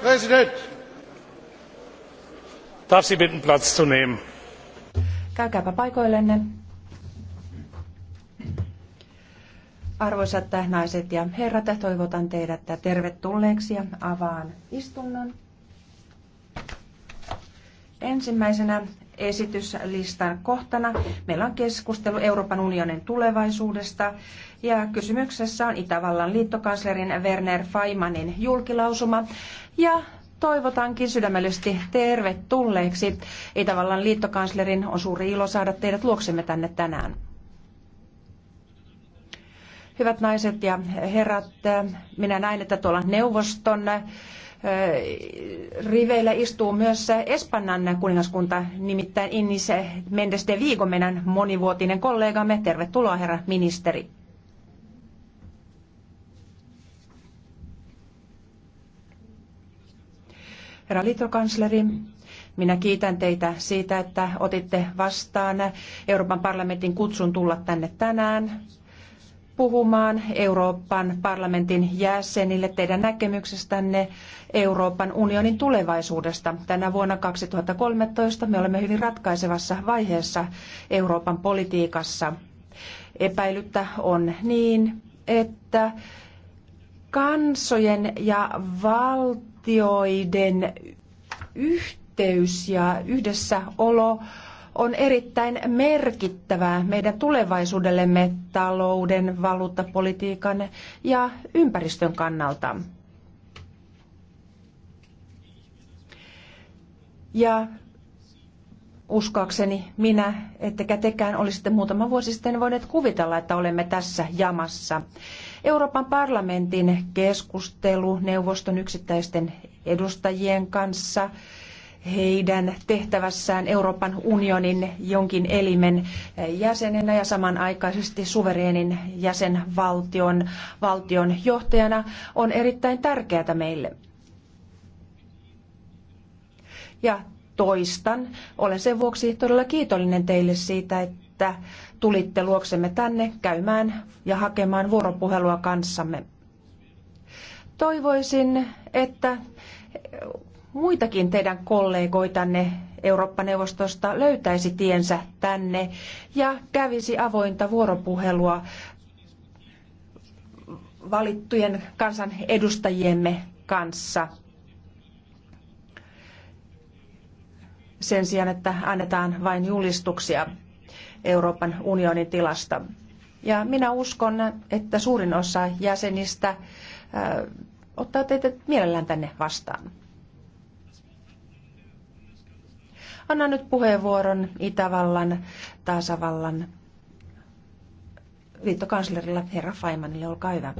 President. Darf Sie bitten, Platz zu nehmen. Käykääpä paikoillenne. Arvoisat naiset ja herrat, toivotan teidät tervetulleeksi ja avaan istunnon. Ensimmäisenä esityslistan kohtana. Meillä on keskustelu Euroopan unionin tulevaisuudesta ja kysymyksessä on Itävallan liittokanslerin Werner Faimanin julkilausuma. Ja toivotankin sydämellisesti tervetulleeksi. Itävallan liittokanslerin on suuri ilo saada teidät luoksemme tänne tänään. Hyvät naiset ja herrat, minä näin, että tuolla neuvoston riveillä istuu myös Espanjan kuningaskunta, nimittäin Innis Mendes de Vigo, meidän monivuotinen kollegamme. Tervetuloa, herra ministeri. Herra liittokansleri, minä kiitän teitä siitä, että otitte vastaan Euroopan parlamentin kutsun tulla tänne tänään puhumaan Euroopan parlamentin jäsenille teidän näkemyksestänne Euroopan unionin tulevaisuudesta. Tänä vuonna 2013 me olemme hyvin ratkaisevassa vaiheessa Euroopan politiikassa. Epäilyttä on niin, että kansojen ja valtioiden yhteys ja yhdessäolo on erittäin merkittävää meidän tulevaisuudellemme talouden, valuuttapolitiikan ja ympäristön kannalta. Ja uskoakseni minä, ettekä tekään olisitte muutama vuosi sitten voineet kuvitella, että olemme tässä jamassa. Euroopan parlamentin keskustelu neuvoston yksittäisten edustajien kanssa – heidän tehtävässään Euroopan unionin jonkin elimen jäsenenä ja samanaikaisesti suvereenin jäsenvaltion valtion johtajana on erittäin tärkeää meille. Ja toistan, olen sen vuoksi todella kiitollinen teille siitä, että tulitte luoksemme tänne käymään ja hakemaan vuoropuhelua kanssamme. Toivoisin, että muitakin teidän kollegoitanne Eurooppa-neuvostosta löytäisi tiensä tänne ja kävisi avointa vuoropuhelua valittujen kansanedustajiemme kanssa sen sijaan, että annetaan vain julistuksia Euroopan unionin tilasta. Ja minä uskon, että suurin osa jäsenistä äh, ottaa teitä mielellään tänne vastaan. Annan nyt puheenvuoron Itävallan tasavallan liittokanslerilla herra Faimanille. Olkaa hyvä.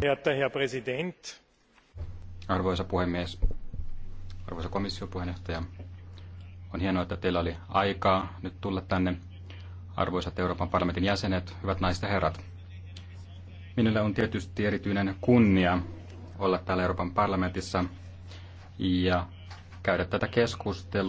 Arvoisa puhemies, arvoisa komission puheenjohtaja, on hienoa, että teillä oli aikaa nyt tulla tänne. Arvoisat Euroopan parlamentin jäsenet, hyvät naiset ja herrat. Minulle on tietysti erityinen kunnia olla täällä Euroopan parlamentissa ja käydä tätä keskustelua.